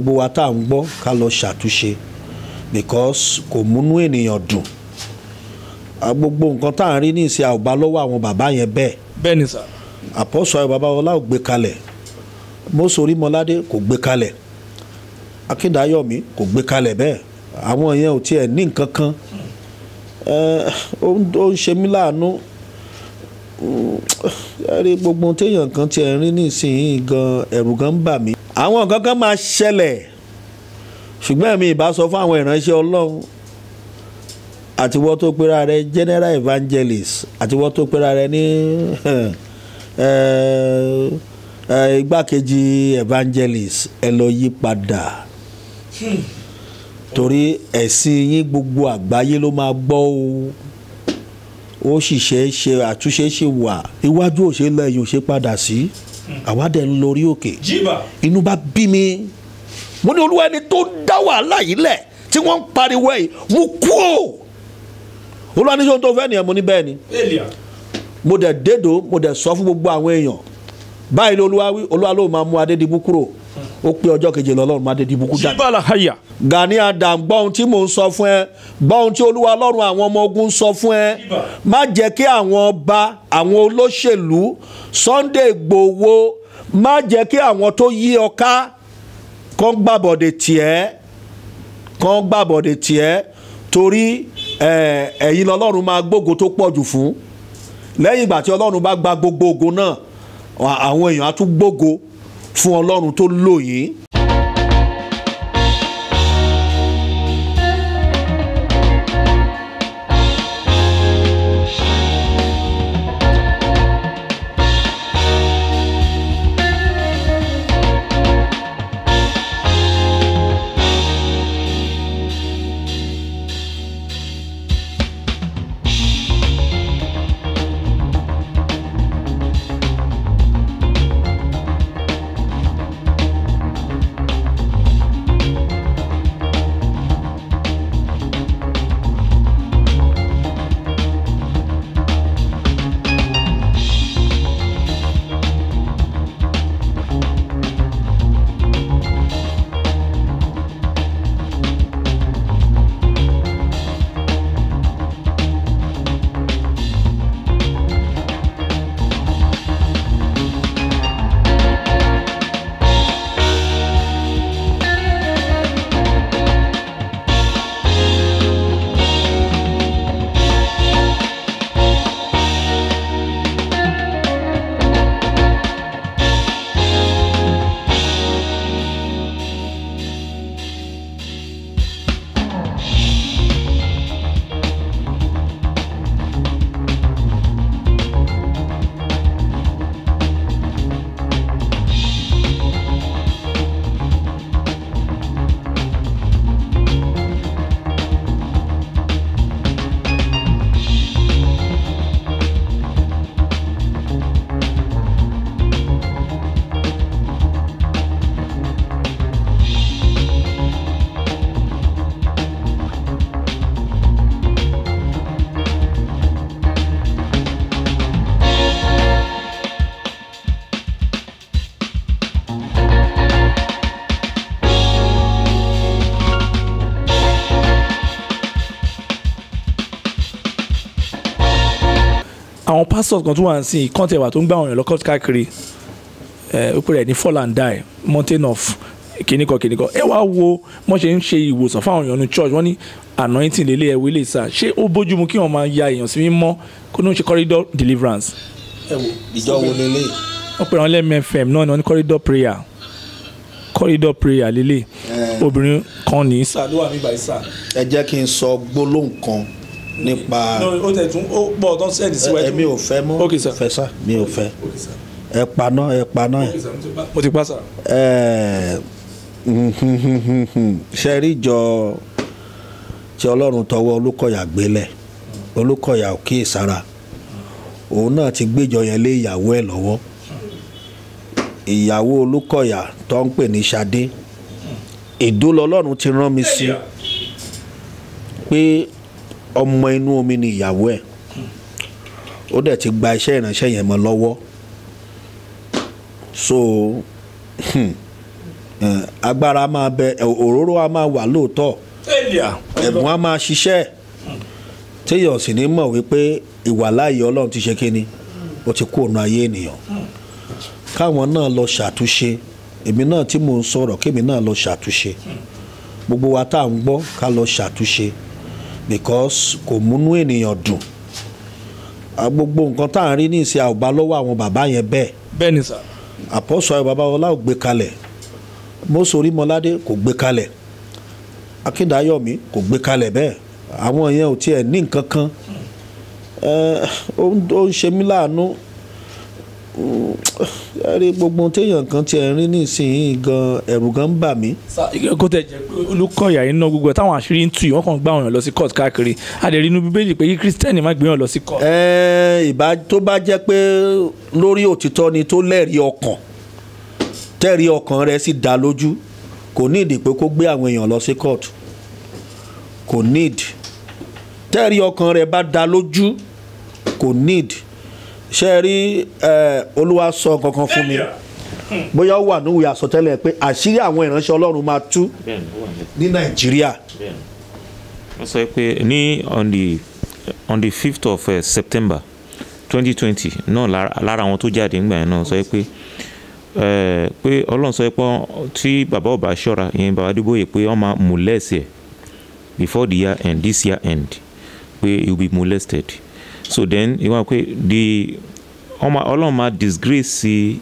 gbogbo wa tá à ń gbọ́ ká lọ ṣàtúnṣe because kò múnú ènìyàn dùn gbogbo nǹkan tá à ń rí ní ìsìn àwòbá lọ́wọ́ àwọn bàbá yẹn bẹ́ẹ̀. bẹ́ẹ̀ni sà. àpọ́sọ ayọ̀ babalọ́lá ò gbé kalẹ̀ mọ́sórí mọ́ládé kò gbé kalẹ̀ akíndayọ̀mí kò gbé kalẹ̀ bẹ́ẹ̀ àwọn yẹn ò tiẹ̀ ní nǹkan kan ó ń ṣe mí láàánú ẹ rí gbogbo téèyàn kan tiẹ̀ rí nísìnyí gan ẹ̀rù gan ń bà mí àwọn nǹkan kan máa ṣẹlẹ̀ ṣùgbọ́n èmi ìbá sọ fún àwọn ìránṣẹ́ ọlọ́run àtiwọ́ tó pera rẹ general evangelist àtiwọ́ tó pera rẹ ní eh, eh, igbákejì evangelist ẹ lọ yí padà torí ẹ̀sìn yín gbogbo àgbáyé ló máa gbọ́ o ó sì ṣe é ṣe àtúnṣe ṣe wà iwájú ò ṣe lẹ́yìn sí. Si àwa dẹ̀ ń lórí òkè inú bá bí mi mo ní olúwa ẹni tó dá wàhálà yìí lẹ̀ tí wọ́n ń pariwo ẹ̀ mo kú o olúwa ní sọ́n tó fẹ́ nìyẹn mo ní bẹ́ẹ̀ ni mo dẹ̀ dédò mo dẹ̀ sọ fún gbogbo àwọn èèyàn báyìí lolúwa wí olúwa ló máa mú Adédìbú kúrò ó pé ọjọ́ keje lọ́lọ́run máa dédé ibùkún jáde. síbàlà àyà. Gani Adam gbọ́ ohun tí mò ń sọ fún ẹ gbọ́ ohun tí olúwa ọlọ́run àwọn ọmọ ogun sọ fún ẹ má jẹ́ kí àwọn ọba àwọn olóṣèlú Sunday Igboho má jẹ́ kí àwọn tó yí ọ ká kàn gbàbọ̀dẹ̀ tiẹ̀ kàn gbàbọ̀dẹ̀ tiẹ̀ torí ẹ̀yin lọ́lọ́run máa gbógo tó pọ̀ jù fún lẹ́yìn ìgbà tí ọlọ́run bá gba gbogbo ògo náà àwọn èèyàn á tún gbógo fún ọlọ́run tó lóye. pastors kan tún wà ń sìn kọ́ńtẹ̀ wà tó ń gbà wọ̀nyàn lọ́kọ́ káàkiri ó pè rẹ̀ ní fall and die mountain of kìnnìkan kìnnìkan ẹ wá wo wọ́n ṣe ń ṣe ìwòsàn fáwọn èèyàn ní church wọ́n ní anointing lélẹ̀ ẹ̀wé lè sà ṣé ó bójú mu kí wọ́n máa ya èèyàn sí mímọ́ kó ní ó ṣe corridor deliverance. ẹ wo ìjọ wo lélẹ̀. wọ́n pè wọ́n lẹ́mẹ̀fẹ̀m náà ni wọ́n ní corridor prayer corridor prayer lélẹ̀ obìnrin kan ní. sàdúrà mi bàyí sà. ẹ jẹ́ kí n sọ gbólóhùn kan nípa. ó tẹ̀ tún ó pọ̀ tó ń sẹ́ẹ̀dì síwájú. ẹ mi ò fẹ́ mọ́ fẹ́ sá mi ò fẹ́ ẹ paná ẹ paná ẹ. mo ti pa sá. ẹ ṣe rí jọ tí ọlọ́run tọwọ́ olúkọ̀yà gbélẹ̀ olúkọ̀yà ò kíyèsára òun náà ti gbéjọ yẹn lé ìyàwó ẹ̀ lọ́wọ́ ìyàwó olúkọ̀yà tó ń pè ní Ṣadé ìdólọ́lọ́run ti rán mi sí pé ọmọ inú omi ni ìyàwó ẹ̀ ó dẹ̀ ti gba iṣẹ́ ìránṣẹ́ yẹn mọ́ lọ́wọ́ so hmm, eh, agbára máa bẹ òróró a máa wà lóòótọ́ ẹ̀bùn a máa ṣiṣẹ́ téèyàn sì ní mọ̀ wípé ìwàláàyè ọlọ́run ti ṣe kíni ó ti kú ọ̀nà ayé ènìyàn káwọn náà lọ ṣàtúnṣe èmi náà tí mò ń sọ̀rọ̀ kémi náà lọ ṣàtúnṣe gbogbo wa tá à ń gbọ́ ká lọ ṣàtúnṣe because kò múnú ènìyàn dùn gbogbo nǹkan tá à ń rí ní ìsìn àwòbá lọ́wọ́ àwọn bàbá yẹn bẹ́ẹ̀. bẹ́ẹ̀ni sà. àpọ́sọ ayọ̀ babalọ́lá ò gbé kalẹ̀ mọ́sórí mọ́ládé kò gbé kalẹ̀ akíndayọ̀mí kò gbé kalẹ̀ bẹ́ẹ̀ àwọn yẹn ò tiẹ̀ ní nǹkan kan ó ń ṣe mí láàánú ẹrí gbogbo téèyàn kan tiẹ̀ rí nísìnyí gan ẹ̀rù gan ń bà mí. kó tẹ jẹ olùkọ́yà iná gbogbo táwọn àṣírí ń tù yìí wọ́n gbà wọ́n lọ sí court káàkiri àdèrè inú bíbélì pé kí kírísítẹ́nì má gbé lọ sí court. ẹ ìbá tó bá jẹ́ pé lórí òtítọ́ ni tó lẹ́rìí ọkàn tẹ́rìí ọkàn rẹ̀ sì dá lójú kò ní ìdí pé kó gbé àwọn èèyàn lọ sí court kò ní ìdí tẹ́rìí ọkàn rẹ̀ bá dá lójú kò ní ìdí ṣe é rí olúwa sọ kankan fún mi bóyá ó wà níwèé àsọtẹ́lẹ̀ pé àṣírí àwọn ìránṣẹ́ ọlọ́run máa tú ní nàìjíríà. wọ́n sọ pé ní on the on the fifth of uh, september twenty twenty náà lára àwọn tó jáde ńgbà yẹn náà sọ pé eh, pé ọlọ́run sọ pé tí bàbá ọba ṣọ́ra ìyẹn bàbá adébóyè pé wọ́n máa molest ẹ̀ before the year end this year end pé you be molested so then ìwà pé the ọlọ́run máa disgrace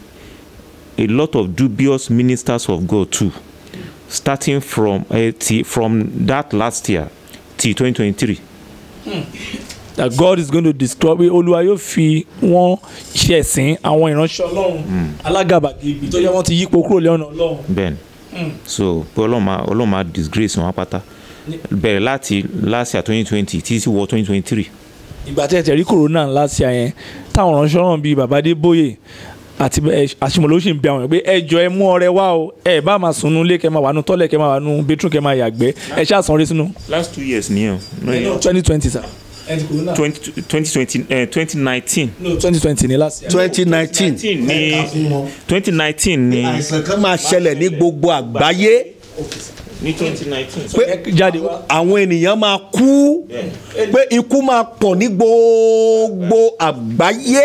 a lot of dubious ministers of God too starting from uh, eh, t from that last year till 2023. Hmm. that God is going to destroy olúwa yóò fi wọ́n ṣẹ̀sìn àwọn ìránṣẹ́ ọlọ́run hmm. alágàbàgebè tó yẹ wọ́n ti yípo kúrò lẹ́ọ̀nà ọlọ́run. bẹ́ẹ̀ni hmm. so pé ọlọ́run máa ọlọ́run máa disgrace wọn pátá bẹ̀rẹ̀ láti last year twenty twenty títí wọ twenty twenty three ìgbà tí ẹ tẹ̀rí kòrónà ńlá sí àyẹn táwọn ránṣọ́ náà bíi bàbá Adébóyè àti àṣìmọ̀ló sì ń bẹ àwọn ẹjọ́ ẹ mú ọrẹ wá o ẹ bá máa sunú lé kẹ máa wà nú tọ́lẹ̀ kẹ máa wà nú bẹ́tún kẹ máa yàgbẹ́ ẹ ṣáà sanwó-rí sínú. last two years ni ẹ. twenty twenty sir. twenty twenty eh, twenty nineteen. no twenty twenty ni last year. twenty nineteen ni twenty nineteen ni. àìsàn kan máa ṣẹlẹ̀ ní gbogbo àgbáyé ní twenty nineteen. pé jáde àwọn ènìyàn máa kú pé ikú máa pọ̀ ní gbogbo àgbáyé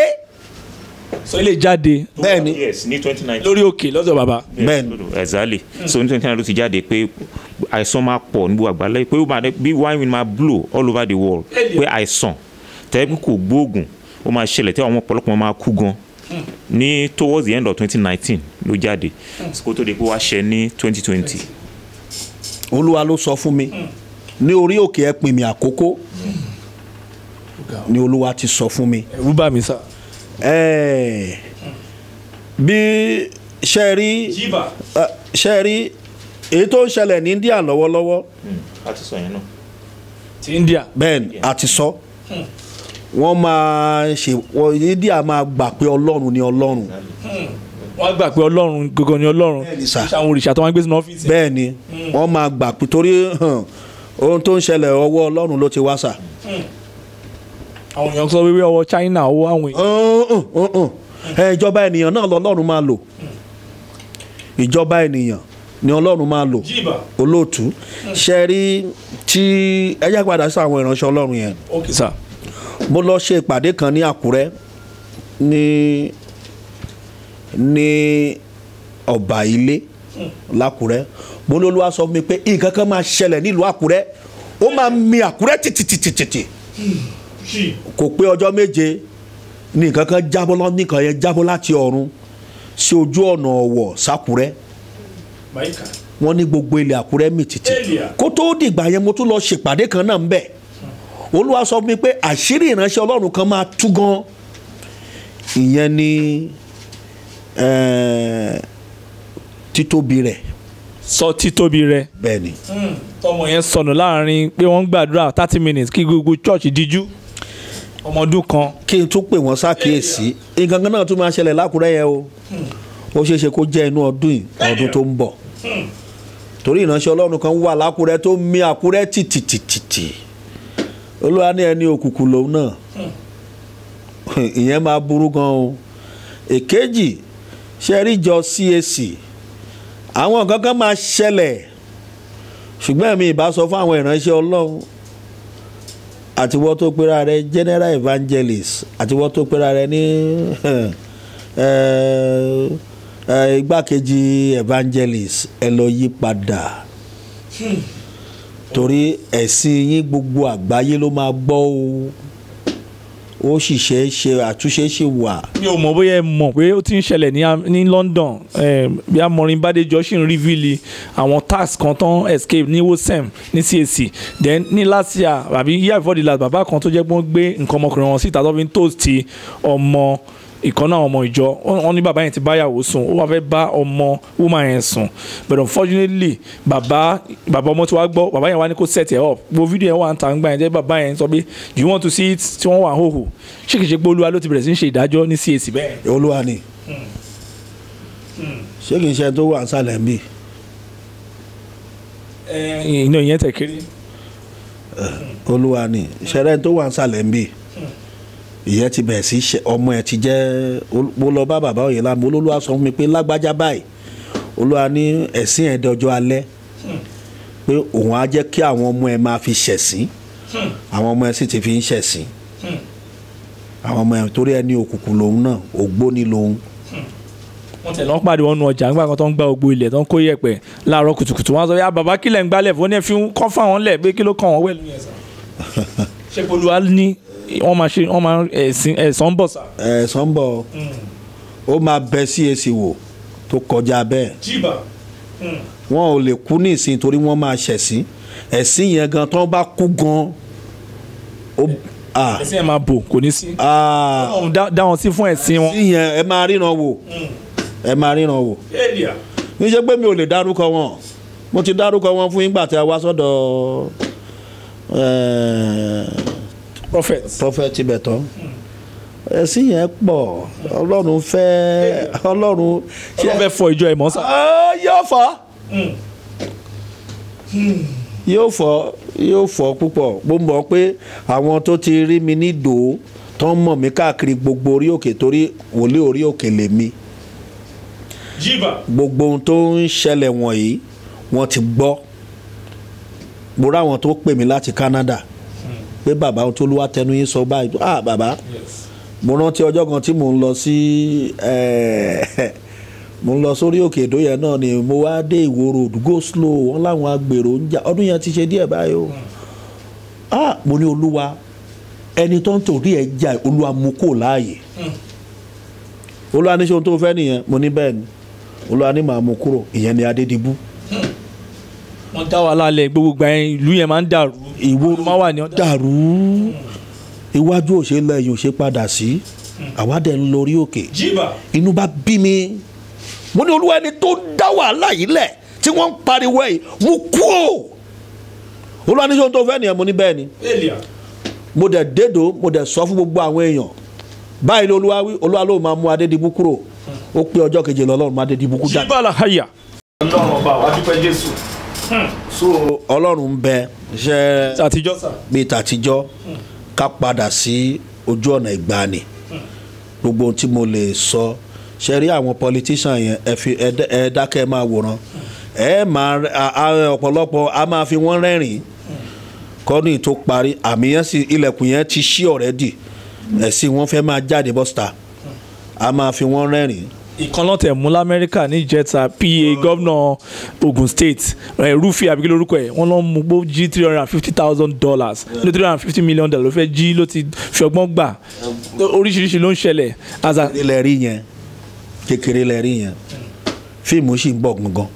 so ilé jáde bẹ́ẹ̀ni yes ní twenty nineteen lórí òkè lọ́dọ̀ bàbá bẹ́ẹ̀ni exactly so ní twenty nineteen ló ti jáde pé àìsàn máa pọ̀ níbo àgbáyé pé ó máa bí wine máa blow all over the world pé àìsàn tẹ́bí kò gbóògùn ó máa ṣẹlẹ̀ tí àwọn ọ̀pọ̀lọpọ̀ máa kú gan hmm. ní towards the end of twenty nineteen ló jáde hmm. kó tó di pé wá ṣe ní twenty twenty. olúwa ló sọ fún mi ní orí òkè ẹpin mi àkókò ni olúwa ti sọ fún mi. ẹ̀rù bà mí sá. bí ṣe rí èyí tó ń ṣẹlẹ̀ ní India lọ́wọ́lọ́wọ́. Hmm. a ti sọ yẹn náà. ti India. bẹ́ẹ̀ni a ti sọ. Hmm. wọ́n máa ṣe India máa gbà pé ọlọ́run ni ọlọ́run. Hmm. wọ́n gbà pé ọlọ́run gangan ni ọlọ́run àwọn òrìṣà tó wọ́n gbé sínú ọ́fíìsì. bẹ́ẹ̀ni wọ́n máa gbà pé torí ohun tó ń ṣẹlẹ̀ ọwọ́ ọlọ́run ló ti wá sà. Hmm. àwọn èèyàn sọ wípé ọwọ́ China ọwọ́ àwọn ìjọba ènìyàn náà lọ́lọ́run máa lò hmm. ìjọba ènìyàn ni ọlọ́run máa lò olóòtú hmm. ṣe rí tí ẹ yá padà sí àwọn ìránṣẹ́ ọlọ́run yẹn. mo lọ ṣe ìpàdé kan ní Àkúrẹ́ ní ní ọ̀bà ilé làkúrẹ́ mo ló lọ́wọ́ sọ fún mi pé nǹkan kan máa ṣẹlẹ̀ nílùú àkúrẹ́ ó máa mi àkúrẹ́ tìtìtìtìtì kò pé ọjọ́ méje ní nǹkan kan jábọ́ lọ́ nìkan yẹn jábọ́ láti ọ̀run sí ojú ọ̀nà ọ̀wọ̀ sàkúrẹ́ wọ́n ní gbogbo ilẹ̀ àkúrẹ́ mì tìtì kó tó dìgbà yẹn mo tún lọ ṣèpàdé kan náà ń bẹ̀ sọ fún mi pé àṣírí ìránṣẹ́ ọlọ́run kan máa tú gan ìyẹn ni. Eh, títóbi rẹ̀. sọ títóbi rẹ̀. bẹ́ẹ̀ni. Hmm, ọmọ yẹn sọnù láàrin pé wọ́n gbàdúrà thirty minutes kí gbogbo church díjú ọmọ ọdún kan. kí n tún pè wọ́n ṣàkíyèsí nǹkan kan náà tún máa ṣẹlẹ̀ lákùrẹ́ yẹn o hmm. ó ṣeé ṣe kó jẹ́ inú ọdún yìí ọdún tó ń bọ̀ hmm. torí ìránṣẹ́ ọlọ́run kan wà lákùrẹ́ tó mì àkùrẹ́ tìtìtìtì olúwa ní ẹni òkùnkùn lòun náà ìyẹn máa burú gan o èkejì ṣẹ́ríjọ CAC àwọn nǹkan kan máa ṣẹlẹ̀ ṣùgbọ́n èmi ìbá sọ fún àwọn ìránṣẹ́ ọlọ́run àtiwọ́ tó pera rẹ general evangelist àtiwọ́ tó pera rẹ ní igbákejì evangelist ẹ lọ yí padà hmm. torí ẹ̀sìn yín gbogbo àgbáyé ló máa gbọ́ o ó sì ṣe é ṣe àtúnṣe ṣe wà. mi ò mọ̀ bóyá ẹ mọ̀ pé ó ti ń ṣẹlẹ̀ ní London bí amọ̀rin Bádéjọ ṣì ń reveal àwọn tax kan tán escape ní WOSEM ní CAC then ní last year àbí year before the last bàbá kan tó jẹ́ pé wọ́n gbé nǹkan ọmọkùnrin wọn síta tó fi ń tòsí ọmọ ìkan náà ọmọ ìjọ wọn ní bàbá yẹn ti báyàwó sùn ó wàá fẹ́ bá ọmọ woman yẹn sùn but unfortunately bàbá bàbá ọmọ tí wàá gbọ́ bàbá yẹn wá ní kó set it up gbogbo fídíò yẹn wà ń ta ń gbà yẹn jẹ́ bàbá yẹn sọ pé do you want to see it tí wọ́n wà hóhò ṣé kìí ṣe pé olúwa ló ti bẹ̀rẹ̀ sí ń ṣe ìdájọ́ ní CAC bẹ́ẹ̀. olúwa ni hmm. Hmm. ṣé kìí ṣe tó wà ń sàlẹ̀ mí. ìyẹn tẹ̀ kiri. Eh, olúwa ni ṣẹlẹ̀ tó wà ń sàlẹ̀ mí ìyẹn ti bẹ̀rẹ̀ sí ṣe ọmọ ẹ̀ ti jẹ́ mo lọ bá bàbá òye lámú olólùwà sọ fún mi pé lágbájá báyìí olúwa ní ẹ̀sìn ẹ̀dẹ̀ ọjọ́ alẹ́ pé òun á jẹ́ kí àwọn ọmọ ẹ̀ máa fi ṣẹ̀sìn àwọn ọmọ ẹ̀ sì ti fi ń ṣẹ̀sìn àwọn ọmọ ẹ̀ torí ẹni òkùnkùn lòun náà ògbóni lòun wọ́n tẹ̀ lọ́n pàdé wọn nu ọjà nígbà kan tó ń gba ògbó ilẹ̀ tó ń kó yẹ̀pẹ̀ láàárọ̀ kùtùkùtù wọn sọ yà ah, bàbá kílẹ̀ ń gbálẹ̀ fún ẹ fi kọ́ fáwọn lẹ̀ pé kí ló kàn wọ́n wẹ̀lú yẹn sá. ṣé olúwa ní wọ́n máa ṣe wọ́n máa ẹ̀sán bọ̀ sá. ẹ̀sán bọ̀ hmm. ó máa bẹ CAC wò tó kọjá bẹ́ẹ̀. jìbà. Hmm. wọn ò lè kú ní ìsìn torí wọ́n máa ṣẹ̀sìn ẹ̀sìn yẹn gan tó bá kú gan ẹ̀sìn yẹn máa bò kò ní sí. dá wọn sí fún ẹ̀sìn wọn. ẹ̀sìn yẹn ẹ máa ríran wò hmm. ẹ máa ríran wò. níṣẹ́ pé mi ò lè dárúkọ wọn mo ti dárúkọ wọn fún yín gbà tí a wá sọ́dọ̀ prophet. prophet bẹ̀tọ̀ ẹ̀sìn yẹn pọ̀ ọlọ́run fẹ́ ọlọ́run. ọlọ́run fẹ́ fọ ìjọ ìmọ̀ sá. Ah, yóò fọ hmm. yóò fọ yóò fọ púpọ̀ mo mọ̀ pé àwọn tó ti rí mi ní dòó tó ń mọ̀ mí káàkiri gbogbo orí òkè torí wòlé orí òkè lèmi. jíba. gbogbo ohun tó ń ṣẹlẹ̀ wọ̀nyí wọ́n ti gbọ́ mo ráwọn tó pè mí láti Canada pé bàbá ohun tó lúwa tẹnu yín sọ báyìí tó ah baba. mo rántí ọjọ́ kan tí mò ń lọ sí eh, mo ń lọ sórí òkè ìdóyè náà ni mo wá dé ìwò go slow wọn láwọn agbèrò ń jà ọdún yẹn ti ṣe díẹ̀ báyìí o ah mo ní olúwa ẹni tó ń torí ẹ̀ jà olúwa mú kó láàyè olúwa ní ṣe ohun tó fẹ́ nìyẹn mo ní bẹ́ẹ̀ ni olúwa ní màá mú kúrò ìyẹn ni adédìbú. Hmm wọ́n dá wàhálà lẹ̀ gbogbo gbà yẹn ìlú yẹn máa ń dàrú ìwòrò máa wà ní ọ̀dà. dàrú iwájú ò ṣe lẹ́yìn ò ṣe padà sí àwa dẹ̀ ń lórí òkè inú bá bí mi mo ní olúwa ẹni tó dá wàhálà yìí lẹ̀ tí wọ́n ń pariwo yìí mo kú o olúwa ní sọ́n tó fẹ́ nìyẹn mo ní bẹ́ẹ̀ ni mo dẹ̀ dédò mo dẹ̀ sọ fún gbogbo àwọn èèyàn báyìí olúwa wí olúwa ló máa mú adédìbú kúrò ó pé ọjọ́ keje lọ́lọ́run máa adédìbú kú dáadáa. jíbala haya. ọlọ́run ọba àwa dúpẹ́ jésù so ọlọ́run ń bẹ ṣe tàtijọ́ bíi tàtijọ́ ká padà sí ojú ọ̀nà ìgbani gbogbo tí mo lè sọ ṣe rí àwọn politician yẹn ẹ fi ẹ dákẹ́ máa wòran ẹ máa ọ̀pọ̀lọpọ̀ a máa fi wọ́n rẹ́rìn-ín kọ́ni tó parí àmì yẹn sì ilẹ̀kùn yẹn ti ṣí ọ̀rẹ́dì ẹ̀sìn wọn fẹ́ máa jáde bọ́sítà a máa fi wọ́n rẹ́rìn ìkànlọ́tẹ̀ mú lamẹ́ríkà níjẹta pa gọ́vnà Ogun State Rufai abigi lórúkọ ẹ̀ wọ́n lọ́ mú gbó jí three hundred and fifty thousand dollars ní three hundred and fifty million dollars ló fẹ́ jí ló ti fi ọgbọ́n gbà oríṣiríṣi ló ń ṣẹlẹ̀. kékeré lẹ rí yẹn kékeré lẹ rí yẹn fíìmù sì ń bọ̀ gangan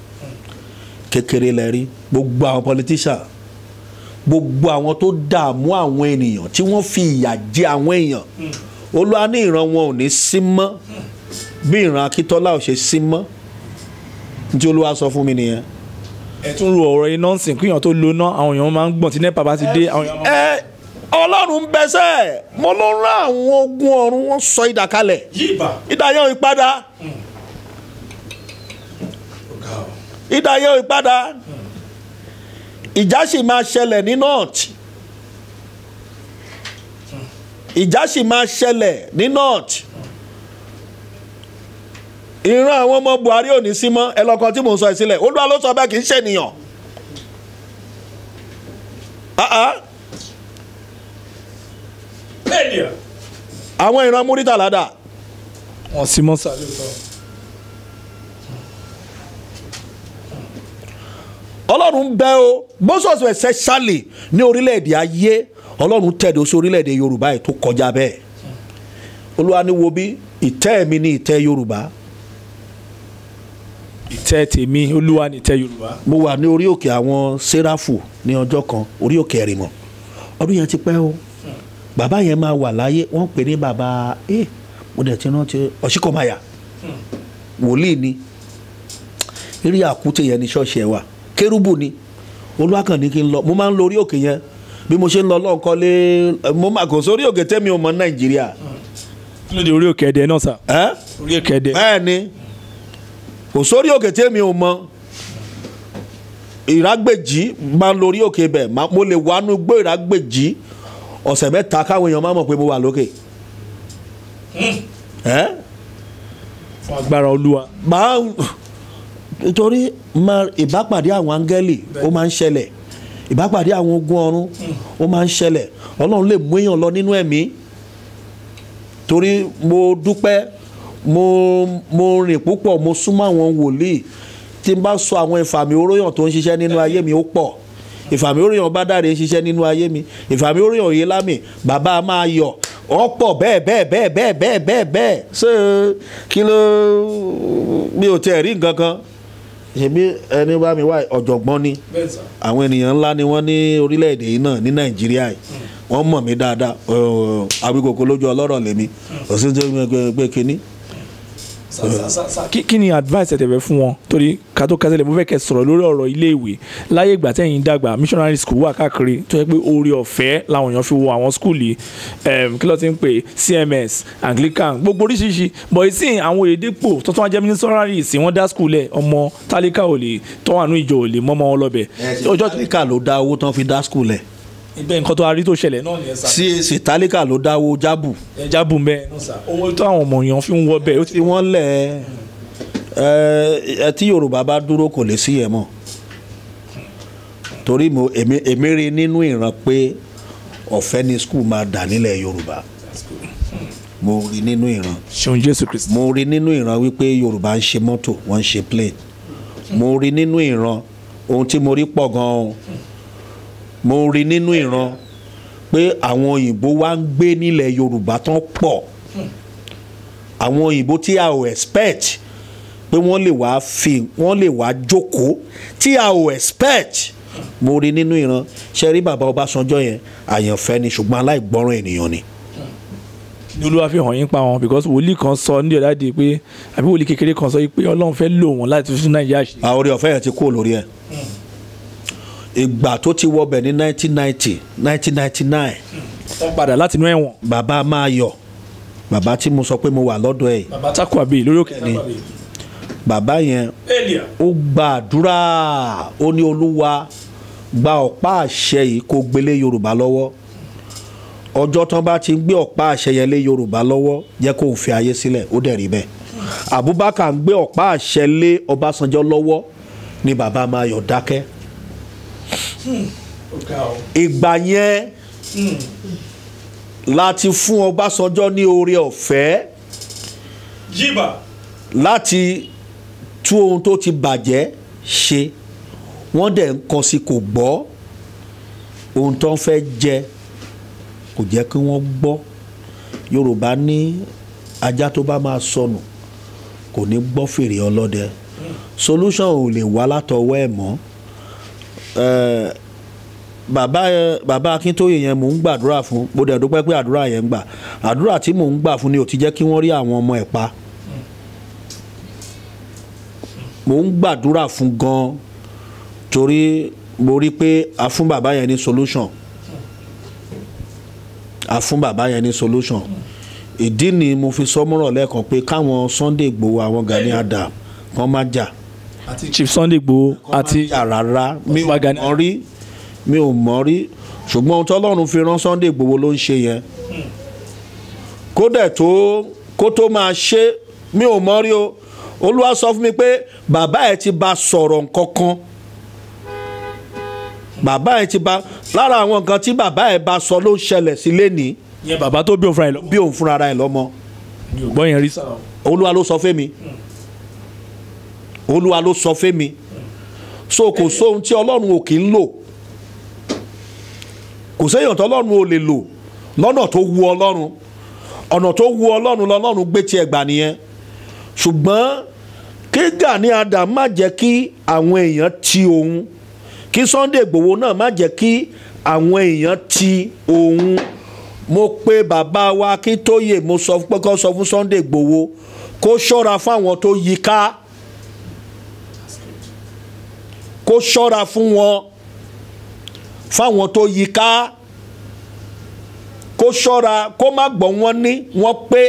kékeré lẹ rí gbogbo àwọn politician gbogbo àwọn tó dààmú àwọn ènìyàn tí wọ́n fi ìyà jẹ àwọn èèyàn hmm. olúwa ní ìran wọn ò ní sí mọ́. Hmm bí ìran Akíntọ́lá ò ṣe sí mọ́ tí olúwa sọ fún mi nìyẹn. ẹ tún ro ọ̀rọ̀ iná sìn kí èèyàn tó lo iná àwọn èèyàn máa ń gbọ̀n tí nepa bá ti dé. ẹ ọlọ́run ń bẹsẹ̀ mo ló rán àwọn ogun ọ̀run wọn sọ idà kalẹ̀ idà yẹn ìpadà idà yẹn ìpadà ìjà sì máa ṣẹlẹ̀ ní north ìjà sì máa ṣẹlẹ̀ ní north ìran àwọn ọmọ Buhari ò ní sí mọ́ ẹ lọ́kọ tí mò ń sọ ẹ sílẹ̀ Olúwa ló sọ bẹ́ẹ̀ kì í ṣènìyàn àwọn ìran Muritala dà. wọn sì mọ sáré sọ. ọlọ́run bẹ́ o most especially ní orílẹ̀-èdè ayé ọlọ́run tẹ̀dọ̀ sí orílẹ̀-èdè Yorùbá ẹ̀ tó kọjá bẹ́ẹ̀ olúwa ni wo bí ìtẹ́ mi ní ìtẹ́ Yorùbá ìtẹ́ tèmi olúwa ni ìtẹ́ yorùbá. mo wà ní orí òkè àwọn sẹ́ráfù ní ọjọ́ kan orí òkè ẹ̀rìmọ̀ ọdún yẹn ti pẹ́ o bàbá yẹn máa wà láyé wọ́n pè ní bàbá ẹ̀ eh, mo dẹ̀ ti rántí ọ̀ṣíkọ̀máyà wòlíì ni eré àkútè yẹn ní ṣọ́ọ̀ṣì ẹ̀ wà kérúbù ni olúwakàn ní kí n lọ mo máa ń lọ orí òkè yẹn bí mo ṣe ń lọ lọ́ọ̀kọ́ lé mo máa kò sórí òkè tẹ́mi ò mọ nàìjíríà. kí ló dé orí òkè ẹ̀dẹ̀ náà sà. orí òkè ẹ̀dẹ̀. bẹ́ẹ̀ ni kò sórí òkè tèmi ò mọ ìrágbèjì máa ń lórí òkè bẹ́ẹ̀ mo lè wánú gbé ìrágbèjì ọ̀sẹ̀ mẹ́ta káwọn èèyàn máa mọ̀ pé mo wà lókè. Hmm. fún agbára olúwa. máa nítorí ìbápàdé àwọn áńgẹ́lì ó máa ń ṣẹlẹ̀ ìbápàdé àwọn ogun ọ̀run ó máa ń ṣẹlẹ̀ ọlọ́run lè mú èèyàn lọ nínú ẹ̀mí torí mo dúpẹ́ mo mo rìn púpọ̀ mo súnmọ́ àwọn wòlíì tí n bá sọ àwọn ìfàmì oróyàn tó ń ṣiṣẹ́ nínú ayé mi ó pọ̀ ìfàmì oróyàn bá dáre ṣiṣẹ́ nínú ayé mi ìfàmì oróyàn òye lámì bàbá máa yọ̀ ọ̀pọ̀ bẹ́ẹ̀ bẹ́ẹ̀ bẹ́ẹ̀ bẹ́ẹ̀ bẹ́ẹ̀ bẹ́ẹ̀ bẹ́ẹ̀ ṣé kí ló mi ò tẹ̀ rí nǹkan kan ṣebí ẹni bá mi wá ọ̀jọ̀gbọ́n ni àwọn ènìyàn ńlá ni wọ́n ní orílẹ̀-èdè yìí náà ní nàìjíríà yìí hmm. wọ́n mọ̀ mí dáadáa àwíkòkò lójú ọlọ́rọ̀ lèmi hmm. òsínjẹ́ pé kínní kí ni advice ẹ̀tẹ̀ fẹ́ fún wọn torí kátó kásẹ̀lẹ̀ mo fẹ́ kẹ́ sọ̀rọ̀ lórí ọ̀rọ̀ iléèwé láyé ìgbà tẹ̀yìn dàgbà missionary school wà káàkiri tó yẹ pé oore ọ̀fẹ́ làwọn èèyàn fi wo àwọn skúùlì kí ló ti ń pè CMS Anglican gbogbo oríṣiríṣi bọ̀ ìsìn àwọn òye dípò tó tún wá jẹ́ missionary sí wọ́n dá skúùlù ẹ̀ ọmọ tálíkà ò lè tọ́wọ́nù ìjọ ò lè mọ́mọ́ wọn lọ́bẹ̀. ọjọ́ tálíkà ló dá owó tán fi dá skúùlù ẹ̀ ibẹ̀ nǹkan tó a rí tó ṣẹlẹ̀ náà nìyẹn sá. cac tálíkà ló dáwó jábù. ẹ jábù mẹ owó tó àwọn ọmọ èèyàn fi ń wọ bẹ́ẹ̀. tí wọ́n lẹ̀ ẹ tí yorùbá bá dúró kò lè sí yẹn mọ́ torí mo èmi rí nínú ìran pé ọ̀fẹ́ ni skul máa dà nílẹ̀ yorùbá mo rí nínú ìran ṣeun jésù kristu mo rí nínú ìran wípé yorùbá ń ṣe mọ́tò wọ́n ń ṣe plane mo rí nínú ìran ohun tí mo rí pọ̀ gan-an mo rí nínú ìran pé àwọn òyìnbó wa ń gbé nílẹ̀ Yorùbá tán pọ̀ àwọn òyìnbó tí a ò expect pé wọ́n lè wá fi wọ́n lè wá jókòó tí a ò expect mo rí nínú ìran ṣe rí bàbá Ọbásanjọ́ yẹn àyànfẹ́ ni ṣùgbọ́n aláìgbọ́ràn ènìyàn ni ní olúwa fi hàn yín pa wọn because wòlíì kan sọ ní ọ̀dà di pé àbí wòlíì kékeré kan sọ pé ọlọ́run fẹ́ lò wọ́n láti tún Nàìjíríà ṣe. àwọn orí ọ̀fẹ́ yẹn ti kú lórí ẹ̀ ìgbà tó ti wọ ní 1990 1999. wọ́n padà láti inú ẹ̀wọ̀n. bàbá máa yọ bàbá tí mo sọ pé mo wà lọ́dọ̀ ẹ̀. bàbá takwabi lórí òkè ni bàbá yẹn ó gba àdúrà ó ní olúwa gba ọ̀pá àṣẹ yìí kó gbélé yorùbá lọ́wọ́ ọjọ́ tán bá ti ń gbé ọ̀pá àṣẹ yẹn lé yorùbá lọ́wọ́ jẹ́ kó fi ayé sílẹ̀ ó dẹ̀ rí bẹ́ẹ̀ abubakar ń gbé ọ̀pá àṣẹ lé ọbásanjọ́ lọ́wọ́ ni bàbá máa yọ̀ dákẹ́ ìgbà yẹn láti fún Ọbásanjọ́ ní oore ọ̀fẹ́ láti tú ohun tó ti bàjẹ́ ṣe wọ́n dẹ̀ ń kọ́ sí kò gbọ́ ohun tó ń fẹ́ jẹ kò jẹ́ kí wọ́n gbọ́ Yorùbá ní ajá tó bá máa sọnù kò ní gbọ́ fèrè ọlọ́dẹ solution ò lè wá látọwọ́ ẹ̀ mọ́ bàbá bàbá Akíntóyè yẹn mò ń gbàdúrà fún mo dẹ̀ dúpẹ́ pé àdúrà yẹn ń gbà àdúrà tí mò ń gbà fún ni ò ti jẹ́ kí wọ́n rí àwọn ọmọ ẹ̀ pa mò ń gbàdúrà fún gan torí mo rí pé a fún bàbá yẹn ní solution a fún bàbá yẹn ní solution ìdí ni mo fi sọ mọ́rọ̀ lẹ́ẹ̀kan pé káwọn Sunday Igboho àwọn Gani Adams kan má jà. Chief Sunday Igboho àti rárá mi ò mọ̀ rí mi ò mọ̀ rí ṣùgbọ́n ohun tọ́lọ́run fi rán Sunday Igboho ló ń ṣe yẹn kó dẹ̀ tó kó tó máa ṣe mi ò mọ̀ rí o olúwa sọ fún mi pé bàbá ẹ̀ ti ba, sọ̀rọ̀ nǹkan kan bàbá ẹ̀ ti bá lára àwọn nǹkan tí bàbá ẹ̀ bá sọ ló ń ṣẹlẹ̀ sí lénìí. yẹn bàbá tó bí òun fúnra ẹ̀ lọ́mọ. bí òun fúnra ẹ̀ lọ́mọ. mi yẹn rí sáà. olúwa ló sọ fún mi. Mm olúwa ló sọ fún mi so kò sóhun tí ọlọ́run ò kì í lò kò séèyàn tó ọlọ́run ò lè lò lọ́nà tó wu ọlọ́run ọ̀nà tó wu ọlọ́run lọ́lọ́run gbé tiẹ̀ gbà nìyẹn ṣùgbọ́n kí Gani Adam má jẹ́ kí àwọn èèyàn ti òun kí Sunday Igboho náà má jẹ́ kí àwọn èèyàn ti òun mo pe bàbá wa Akíntóyè mo sọ pé kó sọ fún Sunday Igboho kó ṣọ́ra fáwọn tó yí ká kó ṣọ́ra fún wọn fáwọn tó yí ká kó ṣọ́ra kó má gbọ́ wọn ní wọn pé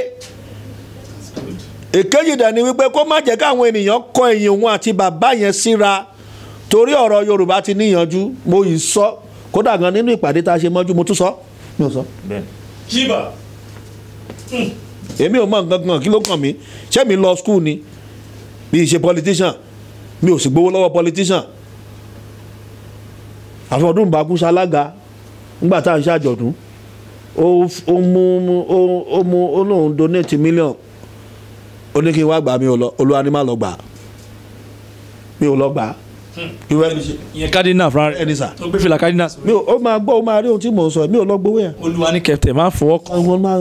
èkejì dẹ̀ ni wípé kó má jẹ́ káwọn ènìyàn kọ ẹ̀yìn òun àti bàbá yẹn síra torí ọ̀rọ̀ Yorùbá ti níyanjú mo yìí sọ kódà gan nínú ìpàdé tá a ṣe mọ́jú mo tún sọ mi ò sọ. ṣíbà. Hmm. èmi ò mọ nǹkan kan kí ló kàn mí ṣé mi lọ school ni bí i ṣe politician mi ò sì gbowó lọ́wọ́ politician àfọ ọdún ìbákú ṣalága nígbà tá à ń ṣàjọ̀dún ó mú ó mú ó lóun donate million ó ní kí n wá gbà mí olúwa ni má lọ gbà mi ò lọ gbà á hmm. ìwé ìyẹn cardinal fúnra rẹ ẹni sà o gbé fìlà cardinal. mi ò ó máa gbọ́ o máa rí ohun tí mò ń sọ mi ò lọ gbowó yẹn. olúwa ní kẹfẹ máa fọwọ́ kàn. wọn máa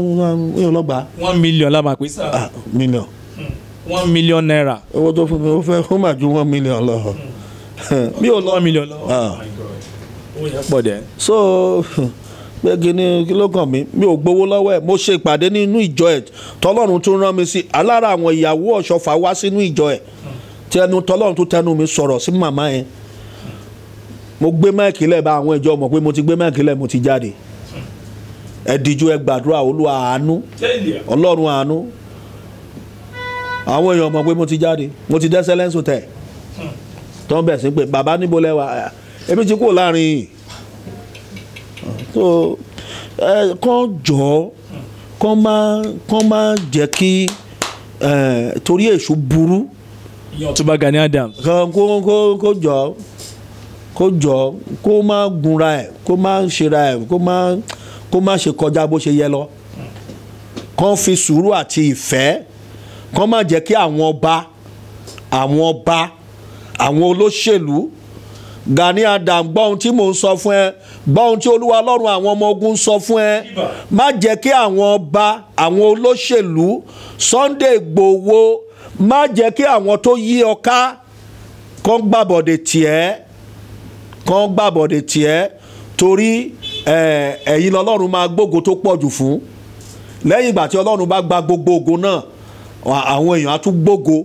mi ò lọ gbà. one million la máa pè sá. ah million. Hmm. one million naira. owó tó fún mi ó fẹ́ ó máa ju one million lọ. Hmm. mi ò lọ one million lọ. Ah pọ̀ dẹ̀. so pé kíní kí ló kàn mí mi ò gbowó lọ́wọ́ ẹ̀ mo ṣe ìpàdé nínú ìjọ ẹ̀ tọ́lọ́run tún rán mi sí alára àwọn ìyàwó ọ̀ṣọ́fà wá sínú ìjọ ẹ̀ tí ẹnu tọ́lọ́run tún tẹnu mi sọ̀rọ̀ sí màmá yẹn mo gbé máìkì lẹ̀ bá àwọn ìjọ mọ̀ pé mo ti gbé máìkì lẹ̀ mo ti jáde ẹ díjú ẹ gbàdúrà olúwa àánú ọlọ́run àánú àwọn èèyàn mọ̀ pé mo ti jáde mo ti dẹ́sẹ̀ lẹ́sùn tẹ̀ tó bẹ̀ sí pé bàbá níbo lẹ́wà ẹbí ti kúrò láàrin yìí so ẹ kàn jọ kàn má kàn má jẹ́ kí ẹ torí èṣù burú. Ọ̀túnba Gani Adams. kàn kó kó kó jọ kó jọ kó má gunra ẹ kó má ṣera ẹ kó má kó má ṣe kọjá bó ṣe yẹ lọ kàn fi sùúrù àti ìfẹ́ kàn má jẹ́ kí àwọn ọba àwọn ọba àwọn olóṣèlú Gani Adam gbọ́ ohun tí mò ń sọ fún ẹ gbọ́ ohun tí olúwa ọlọ́run àwọn ọmọ ogun ń sọ fún ẹ má jẹ́ kí àwọn ọba àwọn olóṣèlú Sunday Igboho má jẹ́ kí àwọn tó yí ọ ká kán gbàbọ̀dè tiẹ̀ kán gbàbọ̀dè tiẹ̀ torí ẹ̀yin lọ́lọ́run máa gbógo tó pọ̀ jù fún lẹ́yìn ìgbà tí ọlọ́run bá gba gbogbo ògo náà àwọn èèyàn á tún gbógo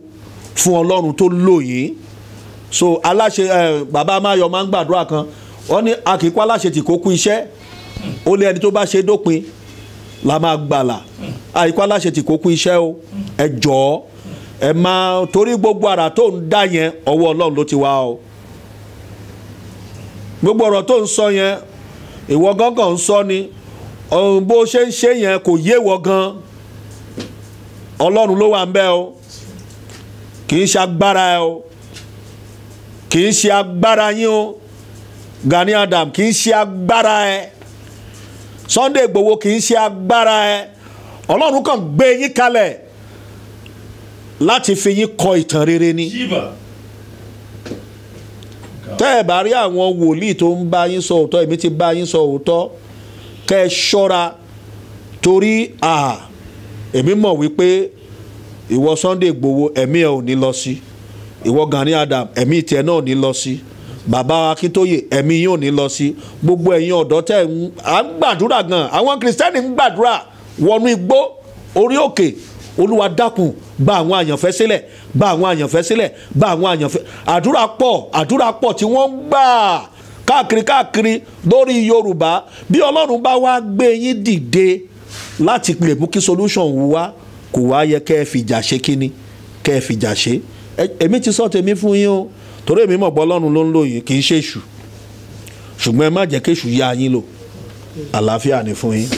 fún ọlọ́run tó lò yín so aláṣẹ ẹ bàbá amáyọ máa ń gbàdúrà kan wọ́n ní akíkú aláṣẹ tí kò kú iṣẹ́ ó lé ẹni tó bá ṣe dópin la máa gbàlà àìkú aláṣẹ tí kò kú iṣẹ́ o ẹ jọ̀ọ́ ẹ máa torí gbogbo àrà tó ń dá yẹn ọwọ́ Ọlọ́run ló ti wá o gbogbo ọ̀rọ̀ tó ń sọ yẹn ìwọ gángan ń sọ ni bó ṣe ń ṣe yẹn kò yé ìwọ gan Ọlọ́run ló wà ń bẹ̀ o kì í ṣe agbára o kì í ṣe agbára yín o Gani Adam kì í ṣe agbára ẹ Sunday Igboho kì í ṣe agbára ẹ Ọlọ́run kàn gbé yín kalẹ̀ láti fi yín kọ ìtàn rere ni. Shiva tẹ́ ẹ̀ bá rí àwọn wòlíì tó ń bá yín sọ òótọ́ èmi ti bá yín sọ òótọ́ kẹ́ ẹ ṣọ́ra torí èmi mọ̀ wípé ìwọ Sunday Igboho ẹ̀mí ẹ̀ ò ní lọ sí. Si ìwọ Gani Adam ẹ̀mí tiẹ̀ náà ní lọ sí bàbá Akíntóyè ẹ̀mí yóò ní lọ sí gbogbo ẹ̀yin ọ̀dọ́ tẹ̀ ń à ń gbàdúrà gan àwọn kìrìsìtẹ́nì ń gbàdúrà wọnú igbó orí òkè olúwa dákun gba àwọn àyànfẹ́ sílẹ̀ gba àwọn àyànfẹ́ sílẹ̀ gba àwọn àyànfẹ́ àdúrà pọ̀ àdúrà pọ̀ tí wọ́n ń gbà káàkiri káàkiri lórí Yorùbá bí Ọlọ́run bá wá gbé yín dìde láti lè mú kí solution wá kò wá yẹ kẹ́ ẹ fìjà ṣe kíni kẹ́ ẹ fìjà ṣe èmi ti sọ tèmi fún yín o torí èmi mọ̀ bọ́lọ́run ló ń lò yín kì í ṣe èṣù ṣùgbọ́n ẹ má jẹ́ kéṣù yá yín lò àlàáfíà ni fún yín.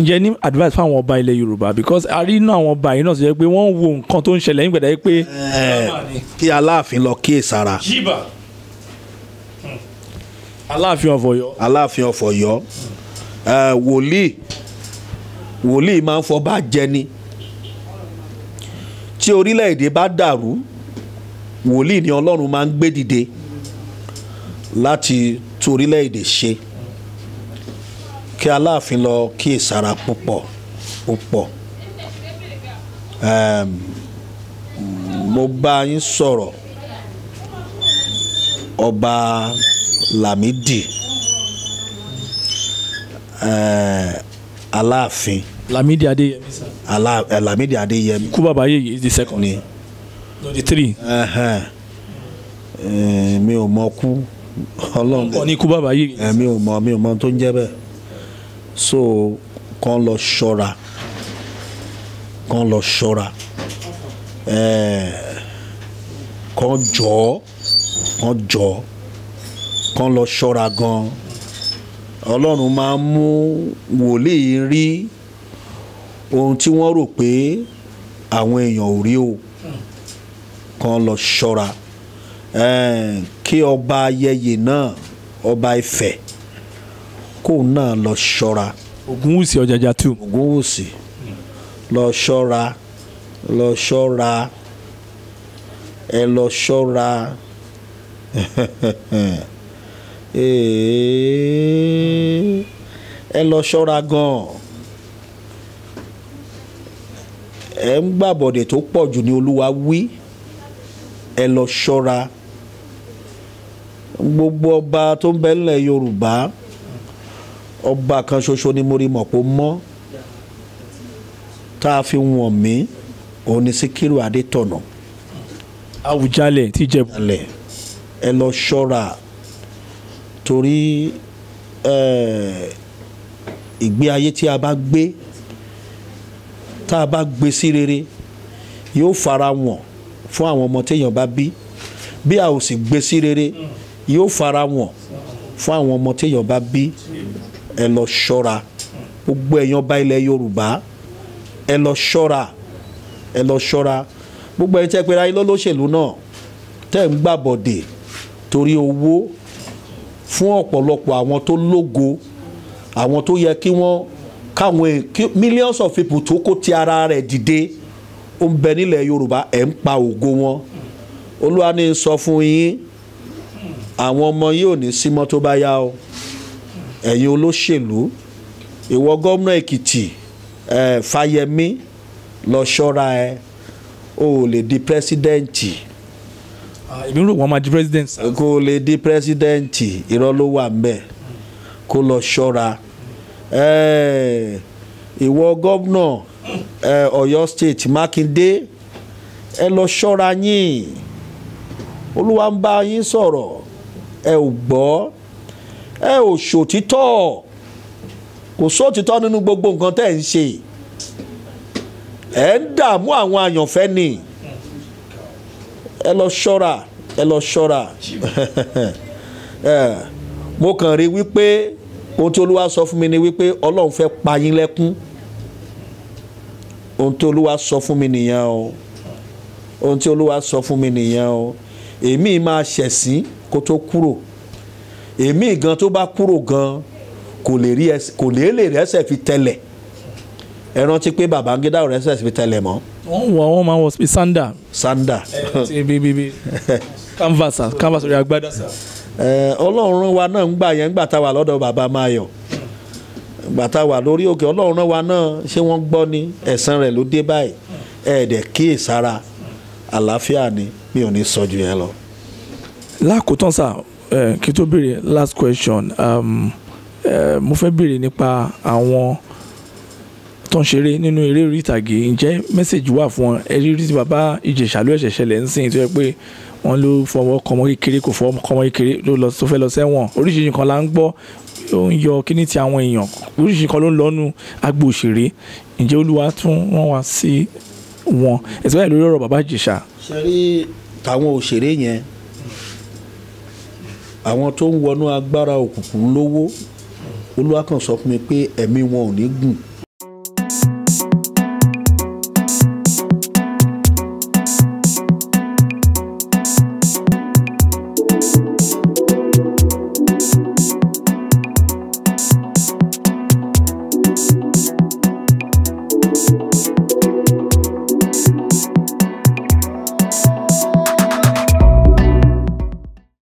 ǹjẹ́ ní advice fún àwọn ọba ilẹ̀ yorùbá because a rí inú àwọn ọba yìí náà sọ pé wọ́n ń wo nǹkan tó ń ṣẹlẹ̀ ń gbẹ̀dẹ̀ pé. kí aláàfin lọ kí èsàrà. jíbà hmm. aláàfin of Ọ̀yọ́. aláàfin of Ọ̀yọ́ wòlíì wòlíì máa ń fọba jẹni tí orílẹ̀-èdè bá dàrú wòlíì ni ọlọ́run máa ń gbé dìde láti tún orílẹ̀-èdè ṣe kí aláàfin lọ kíyèsára púpọ̀ púpọ̀ mo bá yín sọ̀rọ̀ ọba lamidi aláàfin Lámídì Adéyẹmí sir Lámídì Adéyẹmí kú bàbá yèyé the second ni lórí three. mi ò mọ kú ọlọ́run ọ̀ní kú bàbá yìí. mi ò mọ mi ò mọ tó ń jẹ́ bẹ́ẹ̀ so kàn lọ ṣọ́ra kàn lọ ṣọ́ra kàn jọ́ kàn jọ́ kàn lọ ṣọ́ra gan-an ọlọ́run máa ń mú wòlíì rí ohun tí wọ́n rò pé àwọn èèyàn ò rí o kan lọ ṣọ́ra kí ọba ayẹyẹ náà ọba Ifẹ̀ kó náà lọ ṣọ́ra. Ògúnwùsì Ọ̀jàjà tù. Ògúnwùsì lọ ṣọ́ra lọ ṣọ́ra ẹ lọ ṣọ́ra ẹ lọ ṣọ́ra gan ẹ ń gbàbọ̀dẹ̀ tó pọ̀ jù ní Olúwa wí ẹ lọ ṣọ́ra gbogbo ọba tó ń bẹ ńlẹ̀ Yorùbá ọba kan ṣoṣo ni mo rí mọ̀ pé mọ́ tá a fi wọ̀n mí òun ni Síkírù Adétọ̀nà. Àwùjalẹ̀ tí jẹ. ẹ lọ ṣọ́ra torí ìgbé ayé tí a bá gbé tá a bá gbé sí rere yóò fara wọn fún àwọn ọmọ téèyàn bá bí bí a ò sì gbé sí rere yóò fara wọn fún àwọn ọmọ téèyàn bá bí ẹ lọ ṣọ́ra gbogbo ẹ̀yàn ọba ilẹ̀ Yorùbá ẹ lọ ṣọ́ra ẹ lọ ṣọ́ra gbogbo ẹni tẹ́ pé ráyé lọ́lọ́ṣèlú náà tẹ́ ń gbàbọ̀dè torí owó fún ọ̀pọ̀lọpọ̀ àwọn tó lógo àwọn tó yẹ kí wọ́n káwọn millions of people tó kó ti ara rẹ̀ dìde ń bẹ nílẹ̀ yorùbá ẹ̀ ń pa ògo wọn olúwa ní sọ fún yín àwọn ọmọ yìí ò ní símọ́ tó bá yá o ẹ̀yin olóṣèlú ìwọ gómìnà èkìtì ẹ̀ fáyẹmí lọ ṣọ́ra ẹ o ò lè di pírẹsidẹ́ǹtì. èmi rò wọ́n máa di pírẹsidẹ́ǹtì. kò lè di pírẹsidẹ́ǹtì irọ́ ló wà ń kó lọ ṣọ́ra ìwọ gómìnà. Ọ̀yọ́ state Mákindé ẹ lọ ṣọ́ra yín olúwa ń bá yín sọ̀rọ̀ ẹ ò gbọ́ ẹ ò ṣòtítọ́ kò sóòtítọ́ nínú gbogbo nǹkan tẹ́ ẹ̀ ń ṣe ẹ̀ ń dààmú àwọn àyànfẹ́ ni ẹ lọ ṣọ́ra ẹ lọ ṣọ́ra mo kàn rí wípé ohun tí olúwa sọ fún mi ni wípé ọlọ́run fẹ́ pa yín lẹ́kún ohun tí olúwa sọ fún mi nìyẹn o ohun tí olúwa sọ fún mi nìyẹn o èmi máa ṣẹ̀sín kó tó kúrò èmi gan tó bá kúrò gan kò lè lè lè fi tẹ̀lẹ̀ ẹ rántí pé Babangida ò rẹ́sẹ̀ fi tẹ̀lẹ̀ mọ́. wọ́n wọ àwọn máa wọ sí sanda. sanda. ṣe bíbí bíi canvas canvas rẹ̀ agbádá sá. ọlọ́run wa náà ń gbà yẹn ń gbà tá a wà lọ́dọ̀ bàbá Máyọ̀ gbàtà wà lórí òkè ọlọ́run náà wa náà ṣé wọ́n gbọ́ ni ẹ̀san rẹ̀ ló dé báyìí ẹ̀ẹ́dẹ̀ kíyèsára àlàáfíà ni mi ò ní sọ ju yẹn lọ. lákòótán sá kí tó béèrè last question um, mo fẹ́ béèrè nípa àwọn tó ń ṣeré nínú eré orí ìtàgé ǹjẹ́ mẹ́sẹ̀gì wà fún ẹ rírí tí bàbá ìjẹ̀ṣà ló ẹ̀ṣẹ̀ ṣẹlẹ̀ ń sìn tó yẹ pé wọ́n ló fọwọ́ kọmọ kékeré kò fọwọ́ kọmọ kékeré ló lọ tó fẹ́ lọ sẹ́wọ̀n oríṣiríṣi nǹkan la ń gbọ́ ó ń yọ kíní ti àwọn èèyàn oríṣiríṣi nǹkan ló ń lọ́nu agbo òṣèré ǹjẹ́ olúwa tún wọ́n wá sí wọn ẹ̀sìn báyìí lórí ọ̀rọ̀ bàbá ìjẹ̀ṣà. ṣe tàwọn òṣèré yẹn àwọn tó ń wọnú agbára òkùnkùn lówó olúwa kàn sọ fún mi pé ẹ̀mí wọn ò ní gùn